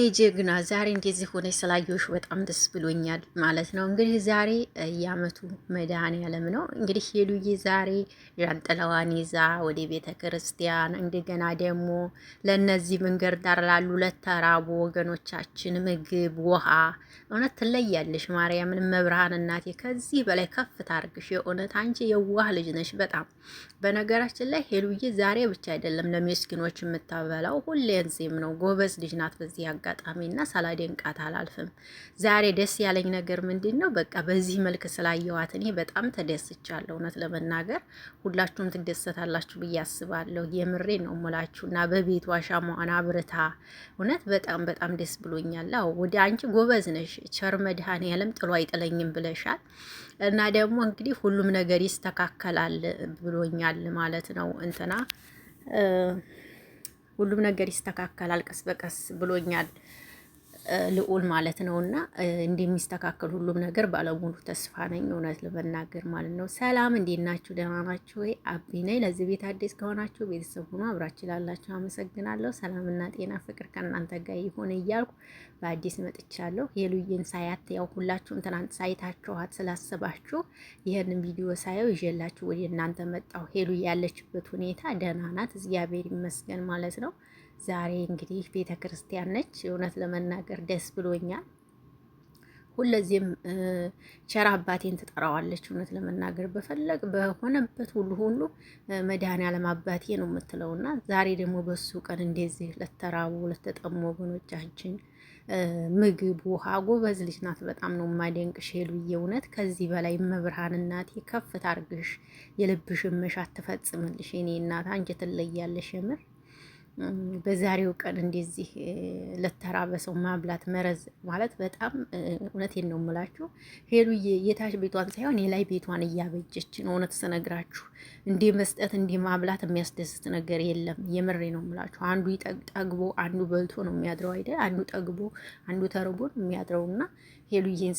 የኔ ጀግና ዛሬ እንደዚህ ሆነሽ ስላየሁሽ በጣም ደስ ብሎኛል ማለት ነው። እንግዲህ ዛሬ የአመቱ መድኃኔዓለም ነው። እንግዲህ ሄሉዬ ዛሬ ዣንጥላዋን ይዛ ወደ ቤተ ክርስቲያን እንደገና ደግሞ ለእነዚህ መንገድ ዳር ላሉ ለተራቡ ወገኖቻችን ምግብ፣ ውሃ እውነት ትለያለሽ። ማርያምን መብርሃን እናቴ ከዚህ በላይ ከፍ ታርግሽ። የእውነት አንቺ የዋህ ልጅ ነሽ በጣም በነገራችን ላይ ሄሉዬ ዛሬ ብቻ አይደለም ለሚስኪኖች የምታበላው ሁሌ ጊዜም ነው። ጎበዝ ልጅ ናት በዚህ ያጋ አጋጣሚና ሳላደንቃት አላልፍም። ዛሬ ደስ ያለኝ ነገር ምንድን ነው? በቃ በዚህ መልክ ስላየዋት እኔ በጣም ተደስቻለሁ። እውነት ለመናገር ሁላችሁም ትደሰታላችሁ ብዬ አስባለሁ። የምሬ ነው ሙላችሁ እና በቤቷ ሻማዋን አብርታ እውነት በጣም በጣም ደስ ብሎኛል። አዎ ወደ አንቺ ጎበዝ ነሽ፣ ቸር መድኃኔዓለም ጥሎ አይጥለኝም ብለሻል እና ደግሞ እንግዲህ ሁሉም ነገር ይስተካከላል ብሎኛል ማለት ነው እንትና ሁሉም ነገር ይስተካከላል ቀስ በቀስ ብሎኛል ልዑል ማለት ነው እና እንደሚስተካከል ሁሉም ነገር ባለሙሉ ተስፋ ነኝ፣ እውነት ለመናገር ማለት ነው። ሰላም እንዴት ናችሁ? ደህና ናችሁ ወይ? አቢ ነኝ። ለዚህ ቤት አዲስ ከሆናችሁ ቤተሰብ ሁኑ፣ አብራችሁ ላላችሁ አመሰግናለሁ። ሰላምና ጤና ፍቅር ከእናንተ ጋር ይሆን እያልኩ በአዲስ መጥቻለሁ። የሉይን ሳያት ያው ሁላችሁም ትናንት ሳይታችኋት ስላሰባችሁ ይህንን ቪዲዮ ሳየው ይዤላችሁ ወደ እናንተ መጣሁ። ሄሉ ያለችበት ሁኔታ ደህና ናት፣ እግዚአብሔር ይመስገን ማለት ነው። ዛሬ እንግዲህ ቤተ ክርስቲያን ነች። እውነት ለመናገር ደስ ብሎኛል። ሁለዚህም ቸራ አባቴን ትጠራዋለች። እውነት ለመናገር በፈለግ በሆነበት ሁሉ ሁሉ መድኃኔዓለም አባቴ ነው የምትለውና ዛሬ ደግሞ በሱ ቀን እንደዚህ ለተራቡ ለተጠሙ ወገኖቻችን ምግብ፣ ውሃ ጎበዝ ልጅ ናት። በጣም ነው የማደንቅሽ ሄሉዬ። እውነት ከዚህ በላይ መብርሃን እናቴ ከፍ ታርግሽ፣ የልብሽን መሻት ትፈጽምልሽ። እኔ እናት አንቺ ትለያለሽ የምር በዛሬው ቀን እንደዚህ ለተራበ ሰው ማብላት መረዝ ማለት በጣም እውነቴን ነው የምላችሁ። ሄሉዬ የታች ቤቷን ሳይሆን የላይ ቤቷን እያበጀች ነው። እውነት ስነግራችሁ እንዲህ መስጠት እንደ ማብላት የሚያስደስት ነገር የለም። የምሬ ነው የምላችሁ። አንዱ ጠግቦ አንዱ በልቶ ነው የሚያድረው አይደል? አንዱ ጠግቦ አንዱ ተርቦ ነው የሚያድረው። እና ሄሉዬን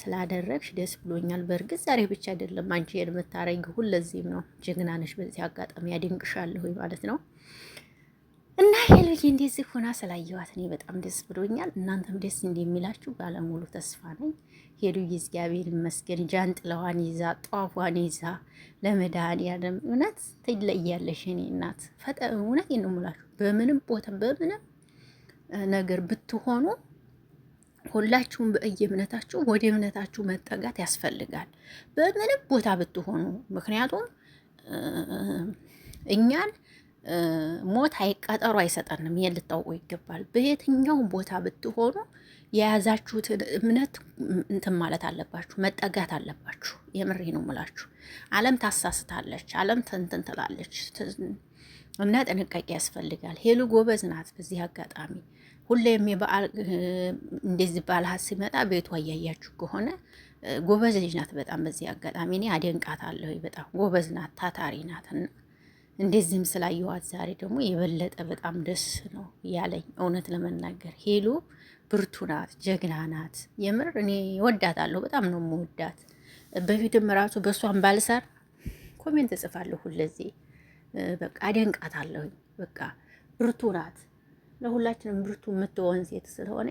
ስላደረግሽ ደስ ብሎኛል። በእርግጥ ዛሬ ብቻ አይደለም አንቺ የምታረጊው ሁለዚህም ነው። ጀግናነሽ በዚህ አጋጣሚ ያደንቅሻለሁ ማለት ነው። እና ሄሉዬ እንደዚህ ሆና ስላየኋት እኔ በጣም ደስ ብሎኛል። እናንተም ደስ እንደሚላችሁ ባለሙሉ ተስፋ ነኝ። ሄሉዬ እግዚአብሔር ይመስገን ጃንጥላዋን ይዛ ጧፏን ይዛ ለመድኃኒዓለም እውነት ትለያለሽ። እኔ እናት ፈጠ እውነት የንሙላችሁ በምንም ቦታ በምንም ነገር ብትሆኑ ሁላችሁም በእየእምነታችሁ ወደ እምነታችሁ መጠጋት ያስፈልጋል፣ በምንም ቦታ ብትሆኑ። ምክንያቱም እኛን ሞት አይቀጠሩ አይሰጠንም። ይሄን ልታውቁ ይገባል። በየትኛውም ቦታ ብትሆኑ የያዛችሁትን እምነት እንትን ማለት አለባችሁ፣ መጠጋት አለባችሁ። የምሬ ነው ምላችሁ። ዓለም ታሳስታለች፣ ዓለም ትንትን ትላለች እና ጥንቃቄ ያስፈልጋል። ሄሉ ጎበዝ ናት። በዚህ አጋጣሚ ሁሌም የበዓል እንደዚህ ባል ሀስ ሲመጣ ቤቷ እያያችሁ ከሆነ ጎበዝ ልጅ ናት በጣም። በዚህ አጋጣሚ እኔ አደንቃታለሁ። በጣም ጎበዝ ናት፣ ታታሪ ናት እና እንደዚህም ስላየኋት ዛሬ ደግሞ የበለጠ በጣም ደስ ነው ያለኝ። እውነት ለመናገር ሄሉ ብርቱ ናት፣ ጀግና ናት። የምር እኔ ወዳታለሁ፣ በጣም ነው የምወዳት። በፊትም ራሱ በእሷን ባልሰር ኮሜንት እጽፋለሁ ሁለዚህ በቃ አደንቃታለሁ። በቃ ብርቱ ናት፣ ለሁላችንም ብርቱ የምትሆን ሴት ስለሆነ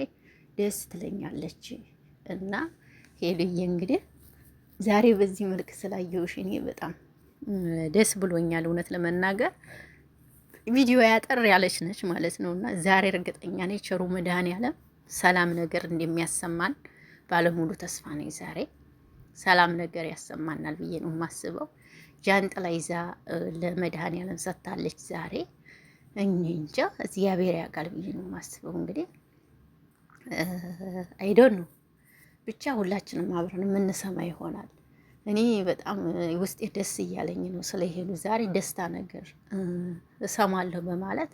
ደስ ትለኛለች። እና ሄሉዬ እንግዲህ ዛሬ በዚህ መልክ ስላየሁሽ እኔ በጣም ደስ ብሎኛል። እውነት ለመናገር ቪዲዮ ያጠር ያለች ነች ማለት ነው እና ዛሬ እርግጠኛ ነች ቸሩ መድኃኔዓለም ሰላም ነገር እንደሚያሰማን ባለሙሉ ተስፋ ነኝ። ዛሬ ሰላም ነገር ያሰማናል ብዬ ነው የማስበው። ጃንጥላ ይዛ ለመድኃኔዓለም ሰጥታለች ዛሬ እንጃ እግዚአብሔር ያውቃል ብዬ ነው የማስበው። እንግዲህ አይዶን ነው ብቻ ሁላችንም አብረን የምንሰማ ይሆናል። እኔ በጣም ውስጤ ደስ እያለኝ ነው ስለ ሄሉ ዛሬ ደስታ ነገር እሰማለሁ በማለት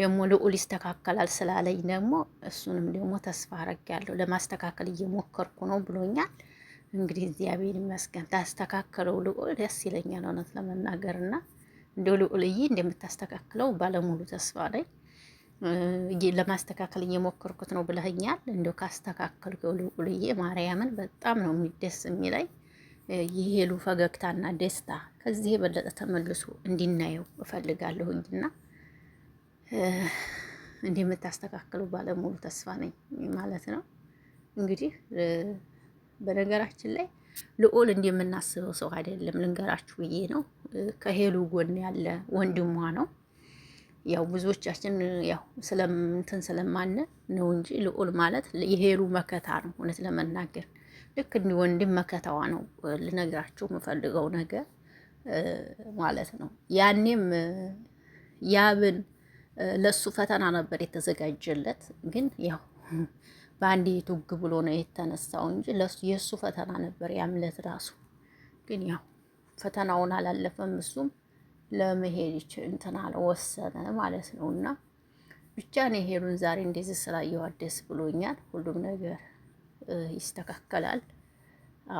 ደግሞ ልዑል ይስተካከላል ስላለኝ ደግሞ እሱንም ደግሞ ተስፋ አረጋለሁ ለማስተካከል እየሞከርኩ ነው ብሎኛል። እንግዲህ እግዚአብሔር ይመስገን ታስተካከለው ልዑል ደስ ይለኛል እውነት ለመናገር እና እንደ ልዑልዬ እንደምታስተካክለው ባለሙሉ ተስፋ ላይ ለማስተካከል እየሞከርኩት ነው ብለኛል። እንደው ካስተካከልከው ልዑልዬ ማርያምን በጣም ነው የሚደስ የሚለኝ። የሄሉ ፈገግታና ደስታ ከዚህ የበለጠ ተመልሶ እንዲናየው እፈልጋለሁኝና እንደምታስተካክሉ ባለሙሉ ተስፋ ነኝ ማለት ነው። እንግዲህ በነገራችን ላይ ልዑል እንደምናስበው ሰው አይደለም፣ ልንገራችሁ ብዬ ነው። ከሄሉ ጎን ያለ ወንድሟ ነው። ያው ብዙዎቻችን ያው ስለምንትን ስለማነ ነው እንጂ ልዑል ማለት የሄሉ መከታ ነው እውነት ለመናገር ልክ እንዲህ ወንድም መከታዋ ነው ልነግራችሁ የምፈልገው ነገር ማለት ነው። ያኔም ያብን ለእሱ ፈተና ነበር የተዘጋጀለት፣ ግን ያው በአንድ ቱግ ብሎ ነው የተነሳው እንጂ የእሱ ፈተና ነበር ያምለት ራሱ። ግን ያው ፈተናውን አላለፈም። እሱም ለመሄድ እንትን አለ ወሰነ ማለት ነው። እና ብቻ ነው ሄሉን ዛሬ እንደዚህ ስላየኋት ደስ ብሎኛል ሁሉም ነገር ይስተካከላል።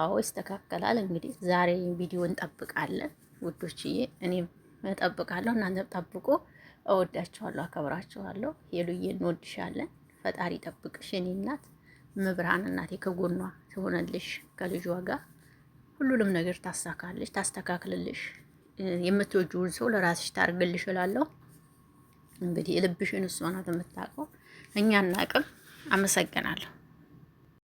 አዎ ይስተካከላል። እንግዲህ ዛሬ ቪዲዮ እንጠብቃለን ውዶችዬ፣ እኔም እጠብቃለሁ፣ እናንተም ጠብቁ። እወዳችኋለሁ፣ አከብራችኋለሁ። ሄሉዬ እንወድሻለን። ፈጣሪ ጠብቅሽ እኔ እናት፣ መብርሃን እናቴ ከጎኗ ትሆነልሽ፣ ከልጇ ጋር ሁሉንም ነገር ታሳካልሽ፣ ታስተካክልልሽ። የምትወጂውን ሰው ለራስሽ ታርግልሽ እላለሁ። እንግዲህ ልብሽን እሷ ናት የምታውቀው፣ እኛ እናቅም። አመሰግናለሁ።